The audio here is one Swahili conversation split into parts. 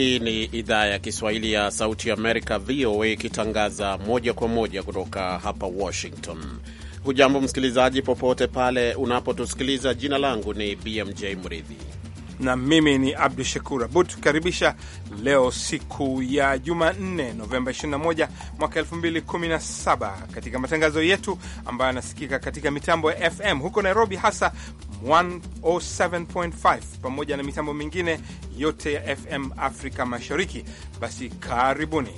Hii ni idhaa ya Kiswahili ya Sauti ya Amerika, VOA, ikitangaza moja kwa moja kutoka hapa Washington. Hujambo msikilizaji, popote pale unapotusikiliza. Jina langu ni BMJ Mridhi na mimi ni Abdu Shakur Abud tukaribisha leo siku ya Jumanne, Novemba 21 mwaka 2017 katika matangazo yetu ambayo yanasikika katika mitambo ya FM huko Nairobi, hasa 107.5 pamoja na mitambo mingine yote ya FM Afrika Mashariki. Basi karibuni.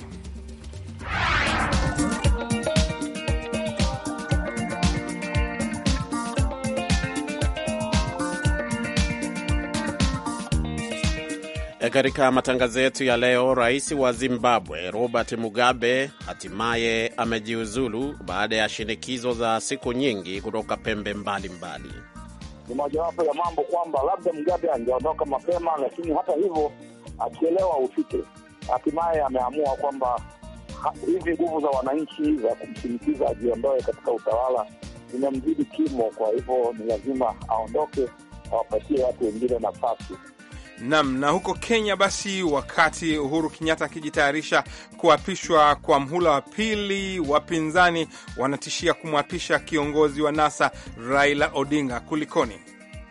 E, katika matangazo yetu ya leo, rais wa Zimbabwe Robert Mugabe hatimaye amejiuzulu baada ya shinikizo za siku nyingi kutoka pembe mbalimbali mbali ni mojawapo ya mambo kwamba labda Mgabe angeondoka mapema, lakini hata hivyo akielewa ufike, hatimaye ameamua kwamba hizi nguvu za wananchi za kumshinikiza ajiondoe katika utawala zimemzidi kimo, kwa hivyo ni lazima aondoke, awapatie watu wengine nafasi. Nam na huko Kenya basi, wakati Uhuru Kenyatta akijitayarisha kuapishwa kwa mhula wa pili, wapinzani wanatishia kumwapisha kiongozi wa NASA Raila Odinga. Kulikoni?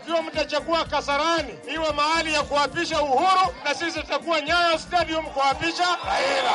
Ikiwa mtachagua Kasarani iwe mahali ya kuapisha Uhuru, na sisi tutakuwa Nyayo Stadium kuapisha Raila.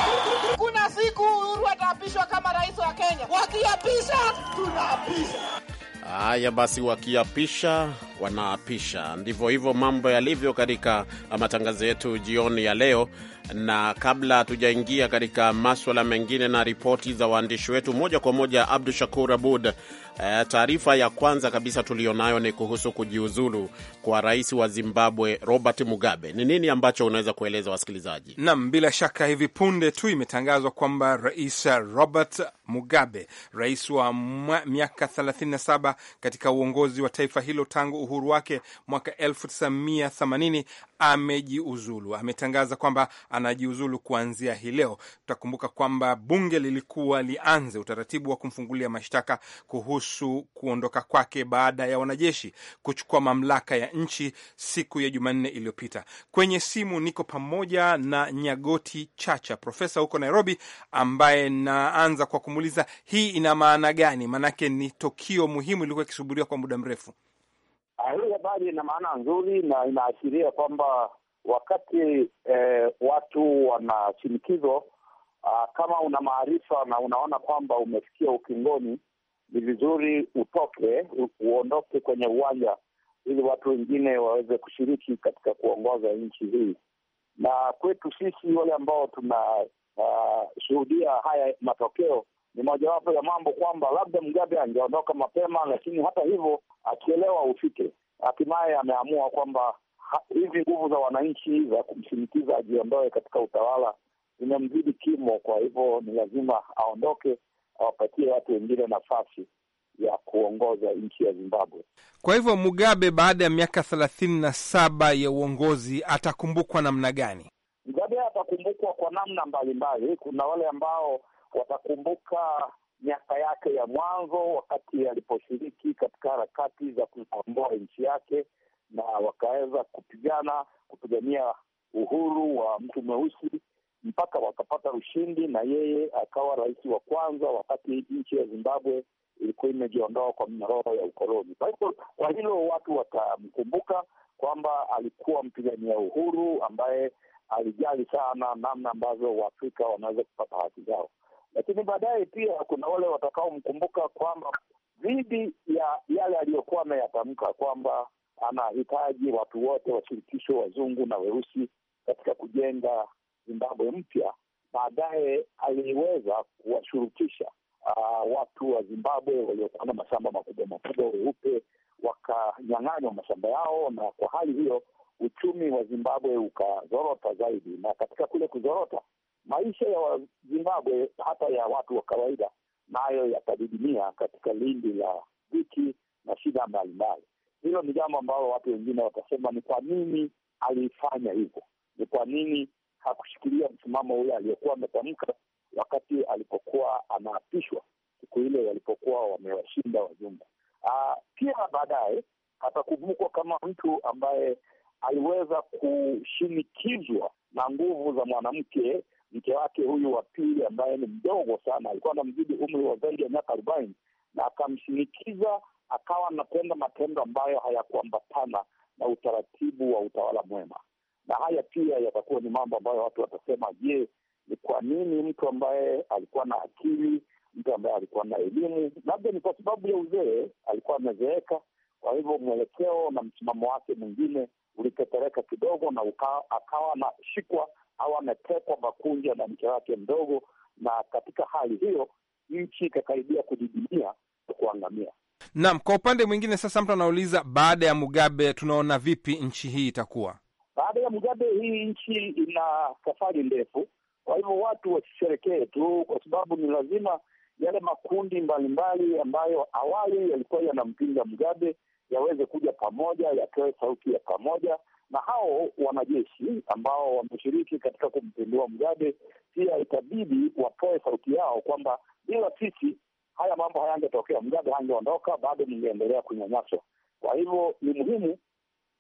Kuna siku Uhuru ataapishwa kama rais wa Kenya, wakiapisha tunaapisha Haya basi, wakiapisha wanaapisha, ndivyo hivyo mambo yalivyo katika matangazo yetu jioni ya leo. Na kabla hatujaingia katika maswala mengine na ripoti za waandishi wetu, moja kwa moja Abdu Shakur Abud Uh, taarifa ya kwanza kabisa tuliyonayo ni kuhusu kujiuzulu kwa rais wa Zimbabwe Robert Mugabe. Ni nini ambacho unaweza kueleza wasikilizaji? Naam, bila shaka hivi punde tu imetangazwa kwamba Rais Robert Mugabe, rais wa miaka 37 katika uongozi wa taifa hilo tangu uhuru wake mwaka 1980 amejiuzulu. Ametangaza kwamba anajiuzulu kuanzia hii leo. Tutakumbuka kwamba bunge lilikuwa lianze utaratibu wa kumfungulia mashtaka kuhusu kuhusu kuondoka kwake baada ya wanajeshi kuchukua mamlaka ya nchi siku ya Jumanne iliyopita. Kwenye simu niko pamoja na Nyagoti Chacha, profesa huko Nairobi, ambaye naanza kwa kumuuliza hii ina maana gani? Maanake ni tukio muhimu ilikuwa ikisubiriwa kwa muda mrefu. Ah, hii habari ina maana nzuri na inaashiria kwamba wakati eh, watu wanashinikizwa, ah, kama una maarifa na unaona kwamba umefikia ukingoni, ni vizuri utoke, uondoke kwenye uwanja ili watu wengine waweze kushiriki katika kuongoza nchi hii. Na kwetu sisi wale ambao tunashuhudia ah, uh, haya matokeo ni mojawapo ya mambo kwamba labda mgabe angeondoka mapema, lakini hata hivyo akielewa ufike, hatimaye ameamua kwamba hizi nguvu za wananchi za kumshinikiza ajiondoe katika utawala zimemzidi kimo, kwa hivyo ni lazima aondoke awapatie watu wengine nafasi ya kuongoza nchi ya Zimbabwe. Kwa hivyo Mugabe baada ya miaka thelathini na saba ya uongozi atakumbukwa namna gani? Mugabe atakumbukwa kwa namna mbalimbali mbali. Kuna wale ambao watakumbuka miaka yake ya mwanzo wakati aliposhiriki katika harakati za kuikomboa nchi yake na wakaweza kupigana kupigania uhuru wa mtu mweusi mpaka wakapata ushindi na yeye akawa rais wa kwanza, wakati nchi ya Zimbabwe ilikuwa imejiondoa kwa mnyororo ya ukoloni. Kwa hivyo, kwa hilo watu watamkumbuka kwamba alikuwa mpigania uhuru ambaye alijali sana namna ambazo Waafrika wanaweza kupata haki zao, lakini baadaye pia kuna wale watakaomkumbuka kwamba dhidi ya yale aliyokuwa ameyatamka kwamba anahitaji watu wote washirikisho, wazungu na weusi katika kujenga Zimbabwe mpya, baadaye aliweza kuwashurutisha uh, ah, watu wa Zimbabwe waliokuwa na mashamba makubwa makubwa, weupe wakanyang'anywa mashamba yao, na kwa hali hiyo uchumi wa Zimbabwe ukazorota zaidi, na katika kule kuzorota maisha ya Wazimbabwe hata ya watu wa kawaida nayo yatadidimia katika lindi la dhiki na shida mbalimbali. Hilo ni jambo ambalo watu wengine watasema ni kwa nini aliifanya hivyo, ni kwa nini hakushikilia msimamo ule aliyokuwa ametamka wakati alipokuwa anaapishwa siku ile walipokuwa wamewashinda wajumbe. Ah, pia baadaye atakumbukwa kama mtu ambaye aliweza kushinikizwa na nguvu za mwanamke, mke wake huyu wa pili ambaye ni mdogo sana, alikuwa na mzidi umri wa zaidi ya miaka arobaini, na akamshinikiza akawa anatenda matendo ambayo hayakuambatana na utaratibu wa utawala mwema na haya pia yatakuwa ni mambo ambayo watu watasema, je, ni kwa nini mtu ambaye alikuwa na akili, mtu ambaye alikuwa na elimu, labda ni kwa sababu ya uzee, alikuwa amezeeka, kwa hivyo mwelekeo na msimamo wake mwingine ulitetereka kidogo, na uka, akawa anashikwa au ametekwa makunja na mke wake mdogo, na katika hali hiyo nchi ikakaribia kudidimia na kuangamia. Naam, kwa upande mwingine sasa mtu anauliza, baada ya Mugabe tunaona vipi nchi hii itakuwa? Baada ya Mugabe, hii nchi ina safari ndefu. Kwa hivyo watu wasisherekee tu, kwa sababu ni lazima yale makundi mbalimbali mbali ambayo awali yalikuwa yanampinga Mugabe yaweze kuja pamoja, yatoe sauti ya pamoja, na hao wanajeshi ambao wameshiriki katika kumpindua Mugabe pia itabidi watoe sauti yao kwamba bila sisi haya mambo hayangetokea, Mugabe hangeondoka, bado mingeendelea kunyanyaswa. Kwa hivyo ni muhimu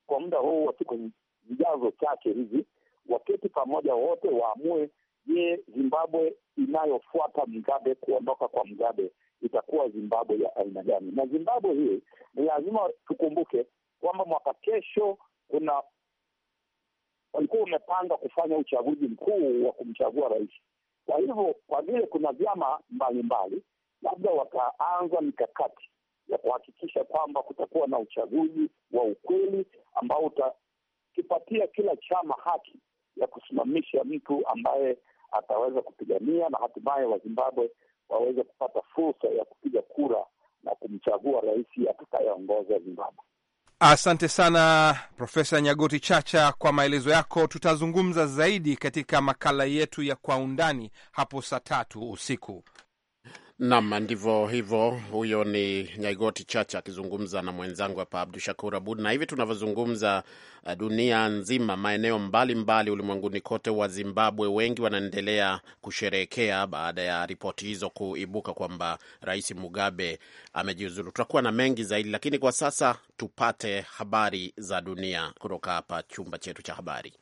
kwa muda huu wa siku vijazo chache hivi, waketi pamoja wote waamue, je, Zimbabwe inayofuata mgabe kuondoka kwa mgabe itakuwa Zimbabwe ya aina gani? Na Zimbabwe hii ni lazima tukumbuke kwamba mwaka kesho kuna walikuwa wamepanga kufanya uchaguzi mkuu wa kumchagua rais. Kwa hivyo, kwa vile kuna vyama mbalimbali, labda wataanza mikakati ya kuhakikisha kwamba kutakuwa na uchaguzi wa ukweli ambao uta kipatia kila chama haki ya kusimamisha mtu ambaye ataweza kupigania na hatimaye Wazimbabwe waweze kupata fursa ya kupiga kura na kumchagua rais atakayeongoza Zimbabwe. Asante sana Profesa Nyagoti Chacha kwa maelezo yako. Tutazungumza zaidi katika makala yetu ya Kwa Undani hapo saa tatu usiku. Nam, ndivyo hivyo. Huyo ni Nyaigoti Chacha akizungumza na mwenzangu hapa Abdu Shakur Abud. Na hivi tunavyozungumza, uh, dunia nzima, maeneo mbalimbali ulimwenguni kote, wa Zimbabwe wengi wanaendelea kusherehekea baada ya ripoti hizo kuibuka kwamba Rais Mugabe amejiuzulu. Tutakuwa na mengi zaidi, lakini kwa sasa tupate habari za dunia kutoka hapa chumba chetu cha habari.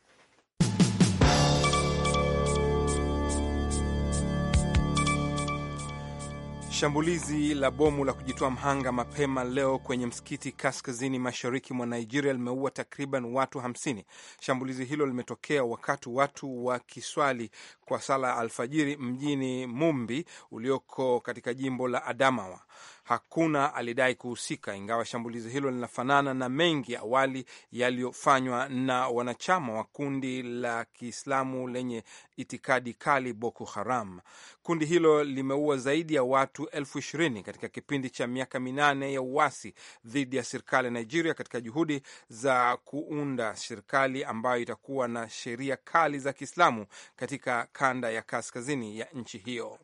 Shambulizi la bomu la kujitoa mhanga mapema leo kwenye msikiti kaskazini mashariki mwa Nigeria limeua takriban watu 50. Shambulizi hilo limetokea wakati watu wakiswali kwa sala ya alfajiri mjini Mumbi ulioko katika jimbo la Adamawa. Hakuna alidai kuhusika, ingawa shambulizi hilo linafanana na mengi awali yaliyofanywa na wanachama wa kundi la Kiislamu lenye itikadi kali Boko Haram. Kundi hilo limeua zaidi ya watu elfu ishirini katika kipindi cha miaka minane ya uasi dhidi ya serikali ya Nigeria, katika juhudi za kuunda serikali ambayo itakuwa na sheria kali za Kiislamu katika kanda ya kaskazini ya nchi hiyo.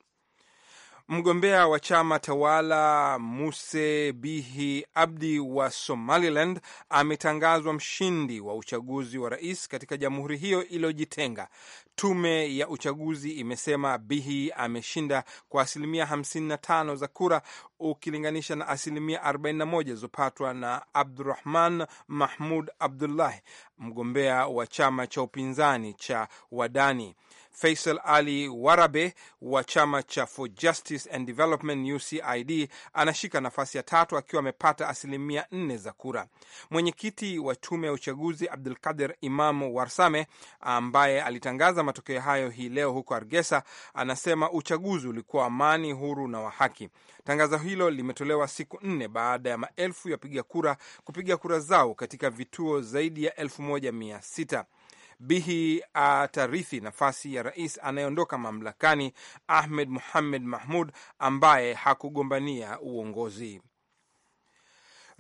Mgombea wa chama tawala Muse Bihi Abdi wa Somaliland ametangazwa mshindi wa uchaguzi wa rais katika jamhuri hiyo iliyojitenga. Tume ya uchaguzi imesema Bihi ameshinda kwa asilimia 55 za kura ukilinganisha na asilimia 41 zilizopatwa na Abdurahman Mahmud Abdullahi, mgombea wa chama cha upinzani cha Wadani. Faisal Ali Warabe wa chama cha For Justice and Development UCID anashika nafasi ya tatu akiwa amepata asilimia nne za kura. Mwenyekiti wa tume ya uchaguzi Abdul Kadir Imam Warsame ambaye alitangaza matokeo hayo hii leo huko Argesa anasema uchaguzi ulikuwa amani, huru na wa haki. Tangazo hilo limetolewa siku nne baada ya maelfu ya wapiga kura kupiga kura zao katika vituo zaidi ya elfu moja mia sita. Bihi atarithi nafasi ya rais anayeondoka mamlakani Ahmed Muhamed Mahmud ambaye hakugombania uongozi.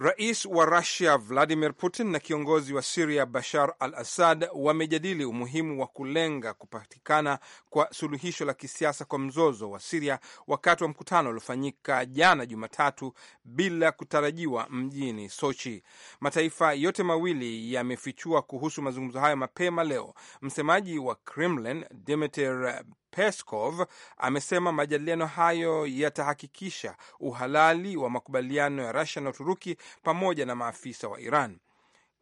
Rais wa Rusia Vladimir Putin na kiongozi wa Siria Bashar al Assad wamejadili umuhimu wa kulenga kupatikana kwa suluhisho la kisiasa kwa mzozo wa Siria wakati wa mkutano uliofanyika jana Jumatatu bila kutarajiwa mjini Sochi. Mataifa yote mawili yamefichua kuhusu mazungumzo hayo mapema leo. Msemaji wa Kremlin Dmitry Peskov amesema majadiliano hayo yatahakikisha uhalali wa makubaliano ya rasia na Uturuki pamoja na maafisa wa Iran.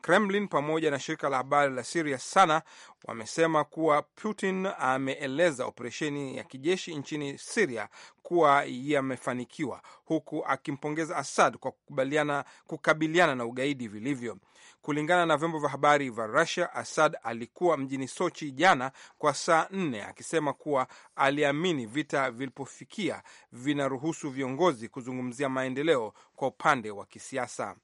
Kremlin pamoja na shirika la habari la Siria SANA wamesema kuwa Putin ameeleza operesheni ya kijeshi nchini Siria kuwa yamefanikiwa, huku akimpongeza Assad kwa kukubaliana kukabiliana na ugaidi vilivyo. Kulingana na vyombo vya habari vya Russia, Assad alikuwa mjini Sochi jana kwa saa nne akisema kuwa aliamini vita vilipofikia vinaruhusu viongozi kuzungumzia maendeleo kwa upande wa kisiasa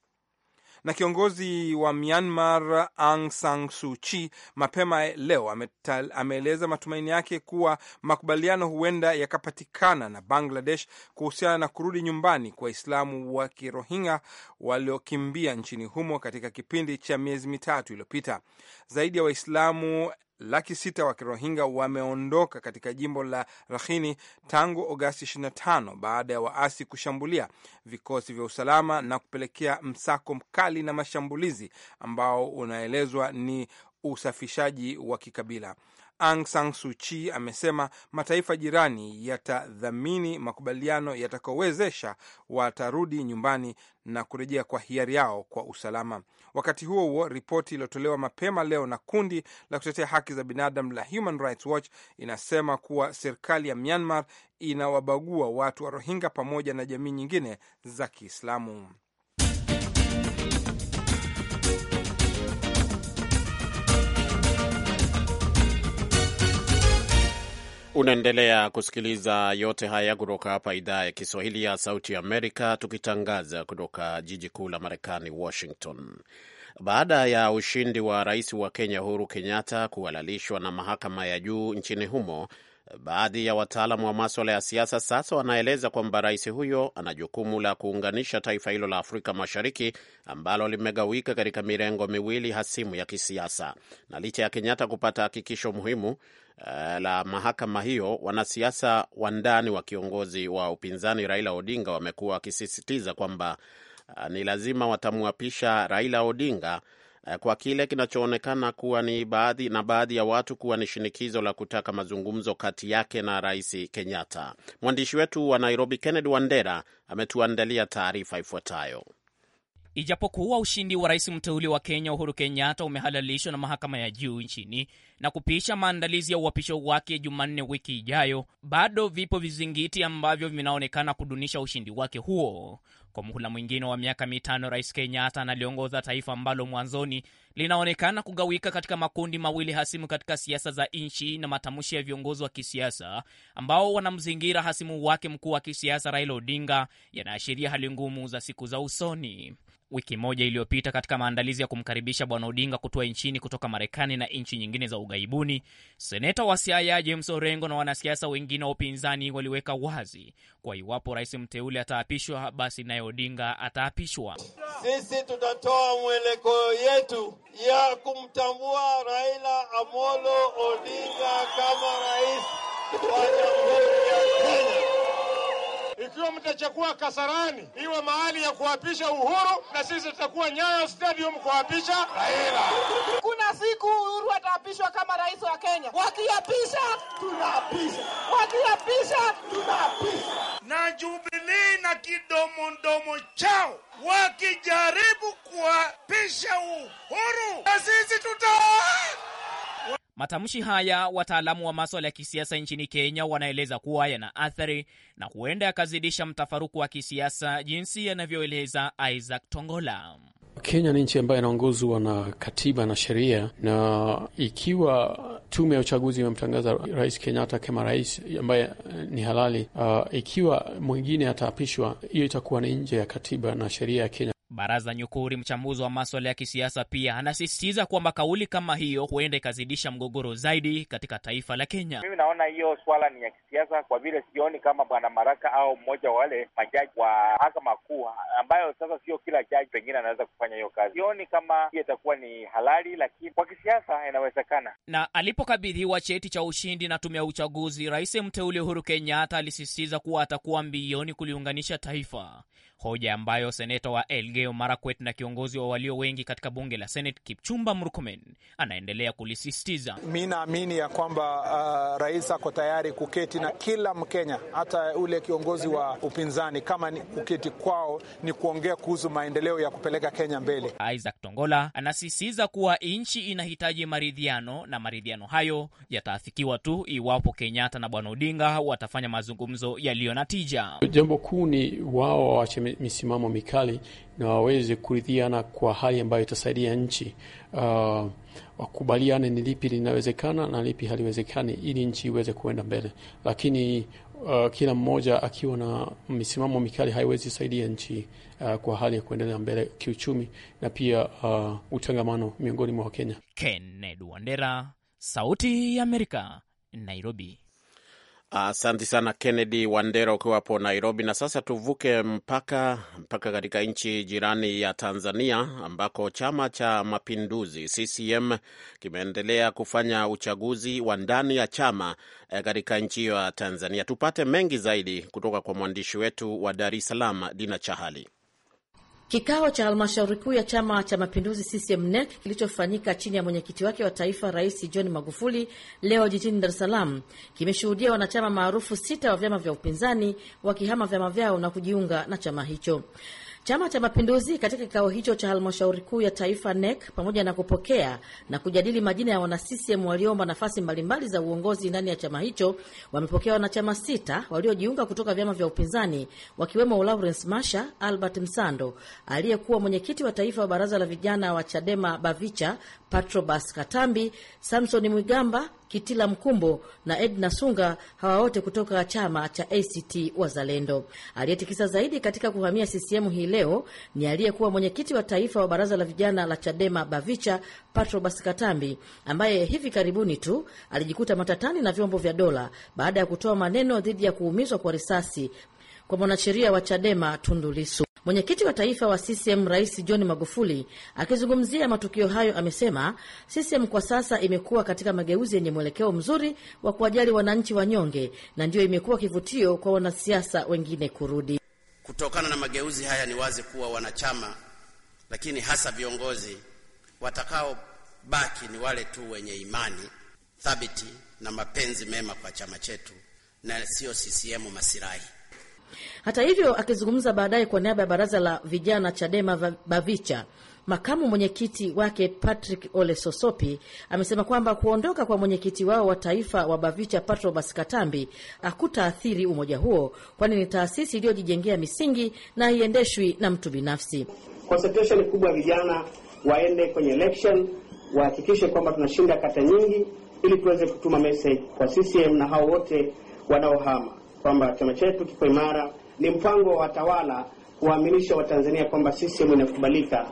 na kiongozi wa Myanmar Aung San Suu Kyi mapema leo ameeleza matumaini yake kuwa makubaliano huenda yakapatikana na Bangladesh kuhusiana na kurudi nyumbani kwa Waislamu wa Kirohingya waliokimbia nchini humo katika kipindi cha miezi mitatu iliyopita. Zaidi ya Waislamu laki sita wa Kirohinga wameondoka katika jimbo la Rakhine tangu Agosti 25 baada ya waasi kushambulia vikosi vya usalama na kupelekea msako mkali na mashambulizi ambao unaelezwa ni usafishaji wa kikabila. Aung San Suu Kyi amesema mataifa jirani yatadhamini makubaliano yatakaowezesha watarudi nyumbani na kurejea kwa hiari yao kwa usalama. Wakati huo huo, ripoti iliyotolewa mapema leo na kundi la kutetea haki za binadamu la Human Rights Watch inasema kuwa serikali ya Myanmar inawabagua watu wa Rohingya pamoja na jamii nyingine za Kiislamu. Unaendelea kusikiliza yote haya kutoka hapa idhaa ya Kiswahili ya Sauti ya Amerika, tukitangaza kutoka jiji kuu la Marekani, Washington. Baada ya ushindi wa rais wa Kenya Uhuru Kenyatta kuhalalishwa na mahakama ya juu nchini humo, Baadhi ya wataalamu wa maswala ya siasa sasa wanaeleza kwamba rais huyo ana jukumu la kuunganisha taifa hilo la Afrika Mashariki ambalo limegawika katika mirengo miwili hasimu ya kisiasa. Na licha ya Kenyatta kupata hakikisho muhimu uh, la mahakama hiyo, wanasiasa wa ndani wa kiongozi wa upinzani Raila Odinga wamekuwa wakisisitiza kwamba uh, ni lazima watamwapisha Raila Odinga Eh, kwa kile kinachoonekana kuwa ni baadhi na baadhi ya watu kuwa ni shinikizo la kutaka mazungumzo kati yake na Rais Kenyatta. Mwandishi wetu wa Nairobi Kennedy Wandera ametuandalia taarifa ifuatayo. Ijapokuwa ushindi wa rais mteuli wa Kenya Uhuru Kenyatta umehalalishwa na mahakama ya juu nchini na kupisha maandalizi ya uapisho wake Jumanne wiki ijayo, bado vipo vizingiti ambavyo vinaonekana kudunisha ushindi wake huo, kwa muhula mwingine wa miaka mitano, Rais Kenyatta analiongoza taifa ambalo mwanzoni linaonekana kugawika katika makundi mawili hasimu katika siasa za nchi na matamshi ya viongozi wa kisiasa ambao wanamzingira hasimu wake mkuu wa kisiasa Raila Odinga yanaashiria hali ngumu za siku za usoni. Wiki moja iliyopita katika maandalizi ya kumkaribisha Bwana Odinga kutua nchini kutoka Marekani na nchi nyingine za ughaibuni, seneta wa Siaya James Orengo na wanasiasa wengine wa upinzani waliweka wazi kwa iwapo rais mteule ataapishwa, basi naye Odinga ataapishwa. Sisi tutatoa mwelekeo yetu ya kumtambua Raila Amolo Odinga kama rais wa Jamhuri ya Kenya. Ikiwa mtachukua Kasarani iwe mahali ya kuapisha Uhuru, na sisi tutakuwa Nyayo Stadium kuapisha Raila siku Uhuru ataapishwa kama rais wa Kenya. Wakiapisha tunaapisha, wakiapisha tunaapisha. Na Jubilii na kidomodomo chao wakijaribu kuapisha Uhuru, na sisi tuta Matamshi haya wataalamu wa maswala ya kisiasa nchini Kenya wanaeleza kuwa yana athari na huenda yakazidisha mtafaruku wa kisiasa jinsi yanavyoeleza Isaac Tongola. Kenya ni nchi ambayo inaongozwa na katiba na sheria, na ikiwa tume ya uchaguzi imemtangaza Rais Kenyatta kama rais ambaye eh, ni halali, uh, ikiwa mwingine ataapishwa, hiyo itakuwa ni nje ya katiba na sheria ya Kenya. Baraza Nyukuri, mchambuzi wa maswala ya kisiasa, pia anasisitiza kwamba kauli kama hiyo huenda ikazidisha mgogoro zaidi katika taifa la Kenya. Mimi naona hiyo swala ni ya kisiasa, kwa vile sioni kama bwana Maraka au mmoja wa wale majaji wa mahakama kuu, ambayo sasa sio kila jaji pengine anaweza kufanya hiyo kazi. Sioni kama hiyo itakuwa ni halali, lakini kwa kisiasa inawezekana. Na alipokabidhiwa cheti cha ushindi na tume ya uchaguzi, rais mteule Uhuru Kenyatta alisisitiza kuwa atakuwa mbioni kuliunganisha taifa hoja ambayo seneta wa Elgeyo Marakwet na kiongozi wa walio wengi katika bunge la Senate Kipchumba Murkomen anaendelea kulisisitiza. Mi naamini ya kwamba uh, rais ako tayari kuketi na kila Mkenya, hata ule kiongozi wa upinzani, kama ni kuketi kwao ni kuongea kuhusu maendeleo ya kupeleka Kenya mbele. Isaac Tongola anasisitiza kuwa nchi inahitaji maridhiano na maridhiano hayo yataafikiwa tu iwapo Kenyatta na Bwana Odinga watafanya mazungumzo yaliyo na tija. Jambo kuu ni wao wache misimamo mikali na waweze kuridhiana kwa hali ambayo itasaidia nchi uh, wakubaliane ni lipi linawezekana na lipi haliwezekani, ili nchi iweze kuenda mbele, lakini Uh, kila mmoja akiwa na misimamo mikali haiwezi saidia nchi uh, kwa hali ya kuendelea mbele kiuchumi na pia uh, utangamano miongoni mwa Wakenya. Kennedy Wandera, Sauti ya Amerika, Nairobi. Asante uh, sana Kennedy Wandera ukiwa hapo Nairobi. Na sasa tuvuke mpaka mpaka katika nchi jirani ya Tanzania ambako chama cha mapinduzi CCM kimeendelea kufanya uchaguzi wa ndani ya chama eh, katika nchi hiyo ya Tanzania. Tupate mengi zaidi kutoka kwa mwandishi wetu wa Dar es Salaam, Dina Chahali. Kikao cha halmashauri kuu ya Chama cha Mapinduzi CCM NEC kilichofanyika chini ya mwenyekiti wake wa taifa Rais John Magufuli leo jijini Dar es Salaam kimeshuhudia wanachama maarufu sita wa vyama vya upinzani wakihama vyama vyao na kujiunga na chama hicho. Chama cha Mapinduzi katika kikao hicho cha halmashauri kuu ya taifa NEC, pamoja na kupokea na kujadili majina ya wana CCM walioomba nafasi mbalimbali za uongozi ndani ya chama hicho, wamepokea wanachama sita waliojiunga kutoka vyama vya upinzani wakiwemo Lawrence Masha, Albert Msando aliyekuwa mwenyekiti wa taifa wa baraza la vijana wa Chadema Bavicha Patrobas Katambi, Samsoni Mwigamba, Kitila Mkumbo na Edna Sunga, hawa wote kutoka chama cha ACT Wazalendo. Aliyetikisa zaidi katika kuhamia CCM hii leo ni aliyekuwa mwenyekiti wa taifa wa baraza la vijana la Chadema Bavicha, Patrobas Katambi, ambaye hivi karibuni tu alijikuta matatani na vyombo vya dola baada ya kutoa maneno dhidi ya kuumizwa kwa risasi kwa mwanasheria wa Chadema Tundulisu. Mwenyekiti wa taifa wa CCM Rais John Magufuli akizungumzia matukio hayo amesema CCM kwa sasa imekuwa katika mageuzi yenye mwelekeo mzuri wa kuwajali wananchi wanyonge, na ndiyo imekuwa kivutio kwa wanasiasa wengine kurudi. Kutokana na mageuzi haya, ni wazi kuwa wanachama, lakini hasa viongozi watakaobaki ni wale tu wenye imani thabiti na mapenzi mema kwa chama chetu na sio CCM masilahi. Hata hivyo, akizungumza baadaye kwa niaba ya baraza la vijana Chadema Bavicha, makamu mwenyekiti wake Patrick Ole Sosopi amesema kwamba kuondoka kwa mwenyekiti wao wa taifa wa Bavicha Patrobas Katambi hakutaathiri umoja huo, kwani ni taasisi iliyojijengea misingi na haiendeshwi na mtu binafsi. Concentration kubwa ya vijana waende kwenye election, wahakikishe kwamba tunashinda kata nyingi, ili tuweze kutuma message kwa CCM na hao wote wanaohama kwamba chama chetu kiko imara. Ni mpango wa watawala kuwaaminisha Watanzania kwamba CCM inakubalika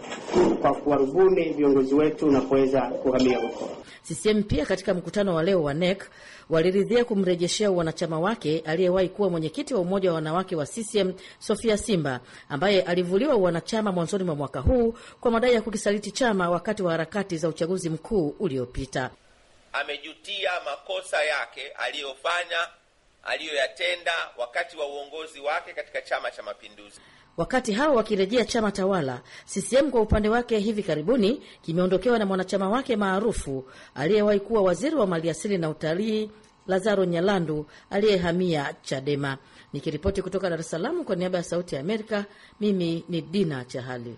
kwa kuwarubuni viongozi wetu na kuweza kuhamia huko. CCM pia katika mkutano wa leo wa NEC waliridhia kumrejeshea wanachama wake aliyewahi kuwa mwenyekiti wa umoja wa wanawake wa CCM Sofia Simba ambaye alivuliwa wanachama mwanzoni mwa mwaka huu kwa madai ya kukisaliti chama wakati wa harakati za uchaguzi mkuu uliopita. Amejutia makosa yake aliyofanya aliyoyatenda wakati wa uongozi wake katika Chama cha Mapinduzi. Wakati hao wakirejea chama tawala, CCM kwa upande wake hivi karibuni kimeondokewa na mwanachama wake maarufu aliyewahi kuwa waziri wa maliasili na utalii Lazaro Nyalandu aliyehamia Chadema. Nikiripoti kutoka Dar es Salaam kwa niaba ya Sauti ya Amerika, mimi ni Dina Chahali.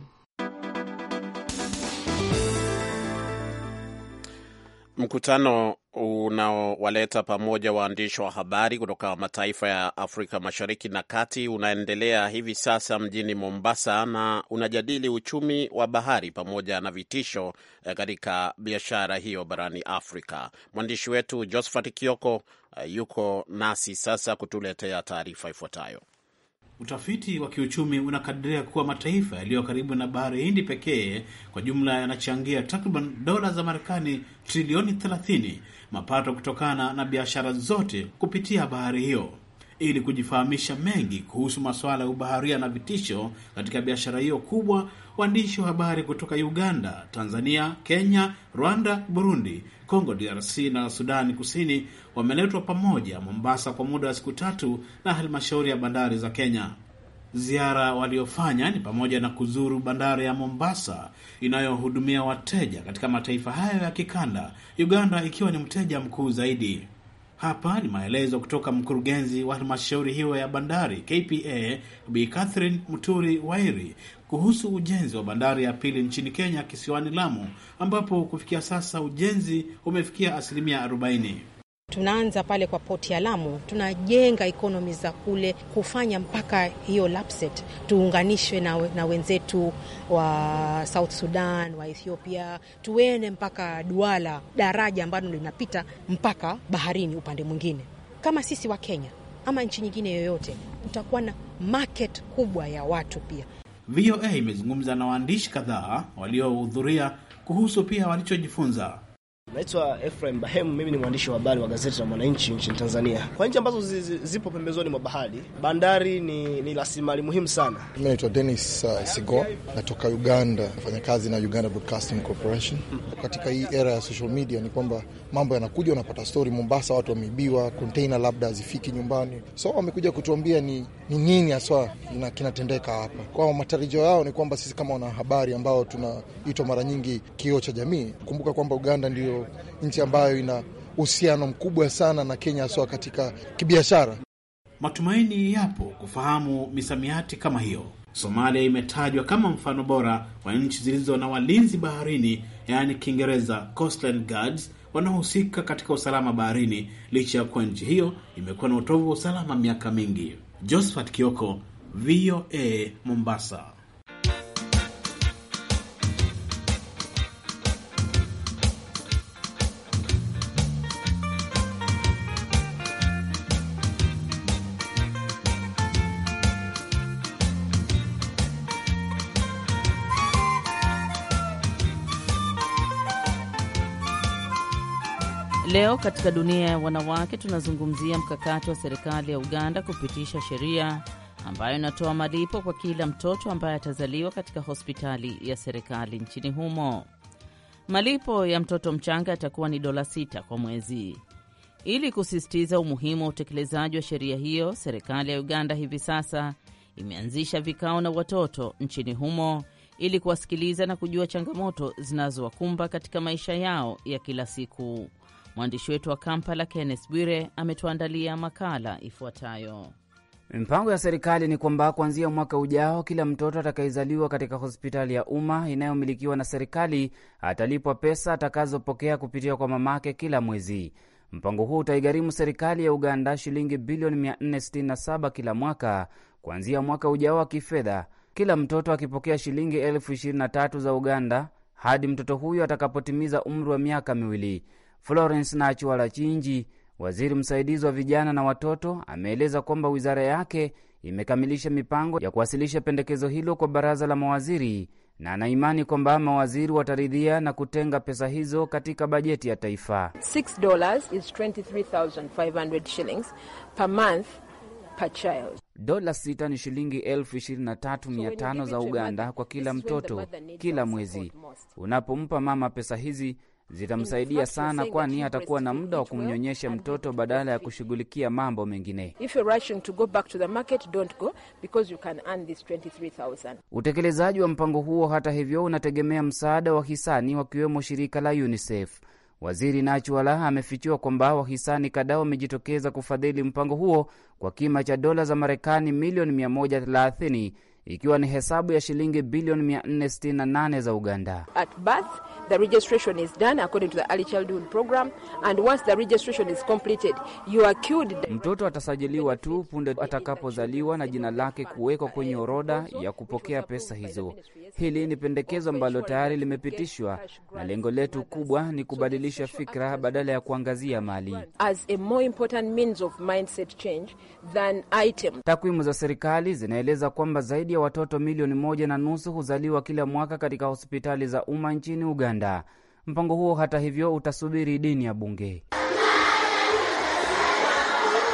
Mkutano unaowaleta pamoja waandishi wa habari kutoka mataifa ya Afrika Mashariki na Kati unaendelea hivi sasa mjini Mombasa na unajadili uchumi wa bahari pamoja na vitisho eh, katika biashara hiyo barani Afrika. Mwandishi wetu Josephat Kioko eh, yuko nasi sasa kutuletea taarifa ifuatayo. Utafiti wa kiuchumi unakadiria kuwa mataifa yaliyo karibu na bahari Hindi pekee kwa jumla yanachangia takriban dola za Marekani trilioni 30 mapato kutokana na biashara zote kupitia bahari hiyo ili kujifahamisha mengi kuhusu masuala ya ubaharia na vitisho katika biashara hiyo kubwa. Waandishi wa habari kutoka Uganda, Tanzania, Kenya, Rwanda, Burundi, congo DRC na Sudani Kusini wameletwa pamoja Mombasa kwa muda wa siku tatu na halmashauri ya bandari za Kenya. Ziara waliofanya ni pamoja na kuzuru bandari ya Mombasa inayohudumia wateja katika mataifa hayo ya kikanda, Uganda ikiwa ni mteja mkuu zaidi. Hapa ni maelezo kutoka mkurugenzi wa halmashauri hiyo ya bandari KPA Bi Catherine Muturi Wairi kuhusu ujenzi wa bandari ya pili nchini Kenya, kisiwani Lamu, ambapo kufikia sasa ujenzi umefikia asilimia 40. Tunaanza pale kwa poti ya Lamu, tunajenga ikonomi za kule kufanya mpaka hiyo Lapset tuunganishwe na, na wenzetu wa South Sudan, wa Ethiopia, tuende mpaka Duala, daraja ambalo linapita mpaka baharini upande mwingine. Kama sisi wa Kenya ama nchi nyingine yoyote, tutakuwa na market kubwa ya watu. Pia VOA imezungumza na waandishi kadhaa waliohudhuria kuhusu pia walichojifunza Naitwa Ephraim Bahemu, mimi ni mwandishi wa habari wa gazeti la Mwananchi nchini Tanzania. Kwa nchi ambazo zi, zi, zipo pembezoni mwa bahari, bandari ni, ni rasilimali muhimu sana. Mimi naitwa Dennis uh, Sigo, natoka Uganda, nafanya kazi na Uganda Broadcasting Corporation. Katika hii era ya social media ni kwamba mambo yanakuja, unapata stori Mombasa, watu wameibiwa, container labda hazifiki nyumbani, so wamekuja kutuambia ni, ni nini haswa kinatendeka hapa. Kwa matarajio yao ni kwamba sisi kama wanahabari ambao tunaitwa mara nyingi kioo cha jamii, kumbuka kwamba Uganda ndio nchi ambayo ina uhusiano mkubwa sana na Kenya haswa katika kibiashara. Matumaini yapo kufahamu misamiati kama hiyo. Somalia imetajwa kama mfano bora wa nchi zilizo na walinzi baharini, yaani Kiingereza coastline guards, wanaohusika katika usalama baharini, licha ya kuwa nchi hiyo imekuwa na utovu wa usalama miaka mingi. Josephat Kioko, VOA, Mombasa. leo katika dunia ya wanawake tunazungumzia mkakati wa serikali ya Uganda kupitisha sheria ambayo inatoa malipo kwa kila mtoto ambaye atazaliwa katika hospitali ya serikali nchini humo. Malipo ya mtoto mchanga yatakuwa ni dola sita kwa mwezi. Ili kusisitiza umuhimu wa utekelezaji wa sheria hiyo, serikali ya Uganda hivi sasa imeanzisha vikao na watoto nchini humo ili kuwasikiliza na kujua changamoto zinazowakumba katika maisha yao ya kila siku. Mwandishi wetu wa Kampala, Kenneth Bwire, ametuandalia makala ifuatayo. Mpango ya serikali ni kwamba kuanzia mwaka ujao kila mtoto atakayezaliwa katika hospitali ya umma inayomilikiwa na serikali atalipwa pesa atakazopokea kupitia kwa mamake kila mwezi. Mpango huu utaigharimu serikali ya Uganda shilingi bilioni 467 kila mwaka kuanzia mwaka ujao wa kifedha, kila mtoto akipokea shilingi elfu 23 za Uganda hadi mtoto huyo atakapotimiza umri wa miaka miwili. Florence Nachiwala Chinji, waziri msaidizi wa vijana na watoto, ameeleza kwamba wizara yake imekamilisha mipango ya kuwasilisha pendekezo hilo kwa baraza la mawaziri na ana imani kwamba mawaziri wataridhia na kutenga pesa hizo katika bajeti ya taifa. $6 is 23,500 shillings per month per child. Dola sita ni shilingi elfu ishirini na tatu mia tano za Uganda kwa kila mtoto kila mwezi. Unapompa mama pesa hizi zitamsaidia sana, kwani atakuwa na muda wa kumnyonyesha mtoto badala ya kushughulikia mambo mengine. Utekelezaji wa mpango huo, hata hivyo, unategemea msaada wa hisani, wakiwemo shirika la UNICEF. Waziri Nachuala amefichua kwamba wahisani kadhaa wamejitokeza kufadhili mpango huo kwa kima cha dola za Marekani milioni ikiwa ni hesabu ya shilingi bilioni 468 za Uganda. At birth, the registration is done according to the early childhood program and once the registration is completed, you are Mtoto atasajiliwa tu punde atakapozaliwa na jina lake kuwekwa kwenye orodha ya kupokea pesa hizo. Hili ni pendekezo ambalo tayari limepitishwa na lengo letu kubwa ni kubadilisha fikra badala ya kuangazia mali. As a more important means of mindset change than item. Takwimu za serikali zinaeleza kwamba zaidi ya watoto milioni moja na nusu huzaliwa kila mwaka katika hospitali za umma nchini Uganda. Mpango huo hata hivyo utasubiri idhini ya bunge.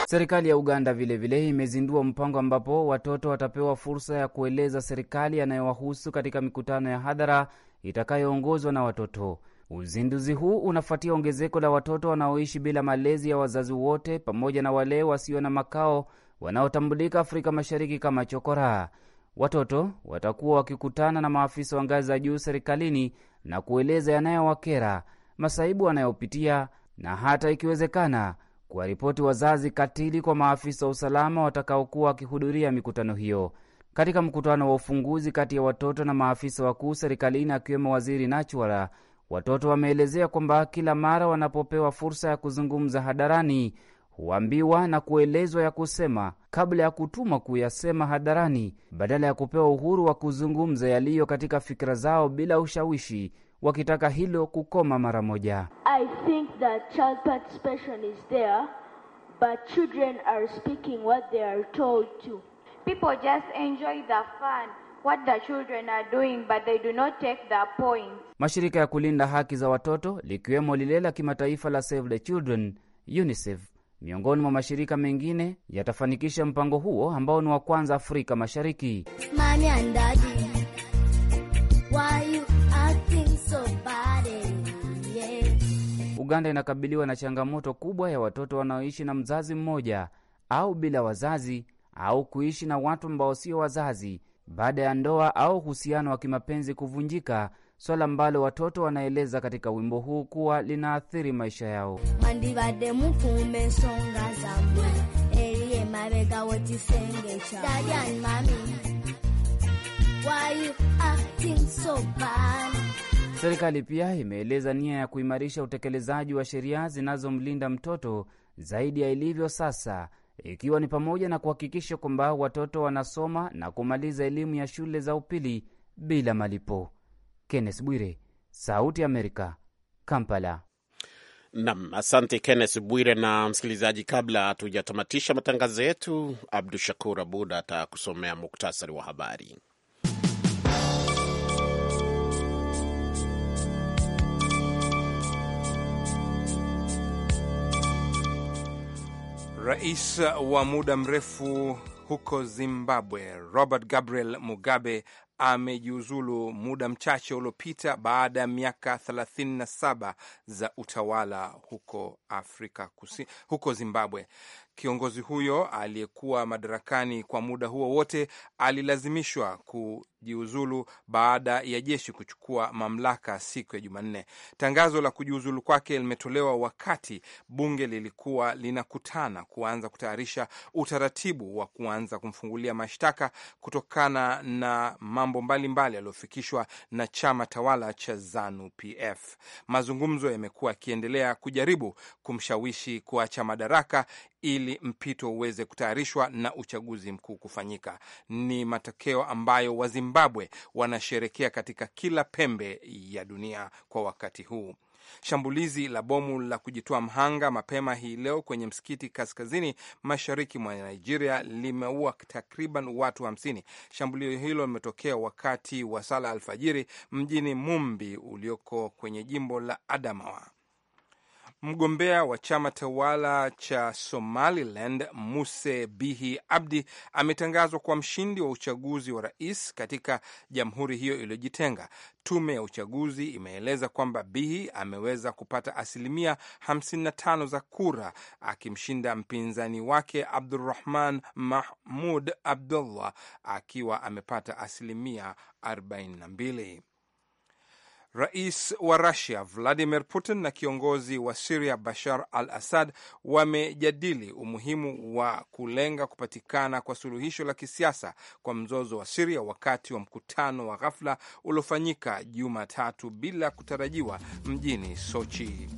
Serikali ya Uganda vilevile vile imezindua mpango ambapo watoto watapewa fursa ya kueleza serikali yanayowahusu katika mikutano ya hadhara itakayoongozwa na watoto. Uzinduzi huu unafuatia ongezeko la watoto wanaoishi bila malezi ya wazazi wote pamoja na wale wasio na makao wanaotambulika Afrika Mashariki kama chokoraa. Watoto watakuwa wakikutana na maafisa wa ngazi za juu serikalini na kueleza yanayowakera, masaibu wanayopitia, na hata ikiwezekana kuwaripoti wazazi katili kwa maafisa wa usalama watakaokuwa wakihudhuria mikutano hiyo. Katika mkutano wa ufunguzi kati ya watoto na maafisa wakuu serikalini akiwemo Waziri Nachwala, watoto wameelezea kwamba kila mara wanapopewa fursa ya kuzungumza hadharani huambiwa na kuelezwa ya kusema kabla ya kutumwa kuyasema hadharani, badala ya kupewa uhuru wa kuzungumza yaliyo katika fikira zao bila ushawishi, wakitaka hilo kukoma mara moja. Mashirika ya kulinda haki za watoto likiwemo lile la kimataifa la Save the Children, UNICEF miongoni mwa mashirika mengine yatafanikisha mpango huo ambao ni wa kwanza Afrika Mashariki. Uganda inakabiliwa na changamoto kubwa ya watoto wanaoishi na mzazi mmoja au bila wazazi au kuishi na watu ambao sio wazazi baada ya ndoa au uhusiano wa kimapenzi kuvunjika swala ambalo watoto wanaeleza katika wimbo huu kuwa linaathiri maisha yao. Serikali pia imeeleza nia ya kuimarisha utekelezaji wa sheria zinazomlinda mtoto zaidi ya ilivyo sasa, ikiwa ni pamoja na kuhakikisha kwamba watoto wanasoma na kumaliza elimu ya shule za upili bila malipo. Kenneth Bwire, Sauti Amerika, Kampala. Nam, asante Kenneth Bwire. Na msikilizaji, kabla hatujatamatisha matangazo yetu, Abdu Shakur Abud atakusomea muktasari wa habari. Rais wa muda mrefu huko Zimbabwe Robert Gabriel Mugabe amejiuzulu muda mchache uliopita baada ya miaka saba za utawala huko Afrika Kusini, huko Zimbabwe. Kiongozi huyo aliyekuwa madarakani kwa muda huo wote alilazimishwa kujiuzulu baada ya jeshi kuchukua mamlaka siku ya Jumanne. Tangazo la kujiuzulu kwake limetolewa wakati bunge lilikuwa linakutana kuanza kutayarisha utaratibu wa kuanza kumfungulia mashtaka kutokana na mambo mbalimbali yaliyofikishwa na chama tawala cha Zanu PF. Mazungumzo yamekuwa yakiendelea kujaribu kumshawishi kuacha madaraka ili mpito uweze kutayarishwa na uchaguzi mkuu kufanyika. Ni matokeo ambayo Wazimbabwe wanasherekea katika kila pembe ya dunia kwa wakati huu. Shambulizi la bomu la kujitoa mhanga mapema hii leo kwenye msikiti kaskazini mashariki mwa Nigeria limeua takriban watu hamsini. Shambulio hilo limetokea wakati wa sala alfajiri mjini Mumbi ulioko kwenye jimbo la Adamawa. Mgombea wa chama tawala cha Somaliland Muse Bihi Abdi ametangazwa kuwa mshindi wa uchaguzi wa rais katika jamhuri hiyo iliyojitenga. Tume ya uchaguzi imeeleza kwamba Bihi ameweza kupata asilimia 55 za kura akimshinda mpinzani wake Abdurahman Mahmud Abdullah akiwa amepata asilimia 42. Rais wa Rusia Vladimir Putin na kiongozi wa Siria Bashar al Assad wamejadili umuhimu wa kulenga kupatikana kwa suluhisho la kisiasa kwa mzozo wa Siria wakati wa mkutano wa ghafla uliofanyika Jumatatu bila kutarajiwa mjini Sochi.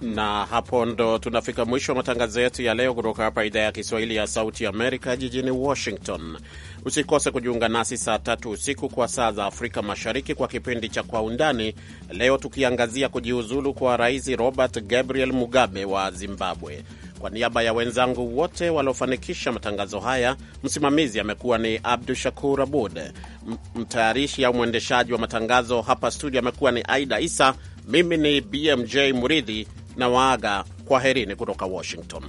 Na hapo ndo tunafika mwisho wa matangazo yetu ya leo kutoka hapa idhaa ya Kiswahili ya Sauti Amerika jijini Washington. Usikose kujiunga nasi saa tatu usiku kwa saa za Afrika Mashariki kwa kipindi cha Kwa Undani, leo tukiangazia kujiuzulu kwa Rais Robert Gabriel Mugabe wa Zimbabwe. Kwa niaba ya wenzangu wote waliofanikisha matangazo haya, msimamizi amekuwa ni Abdu Shakur Abud, mtayarishi au mwendeshaji wa matangazo hapa studio amekuwa ni Aida Isa, mimi ni BMJ Muridhi na waaga herini kutoka Washington.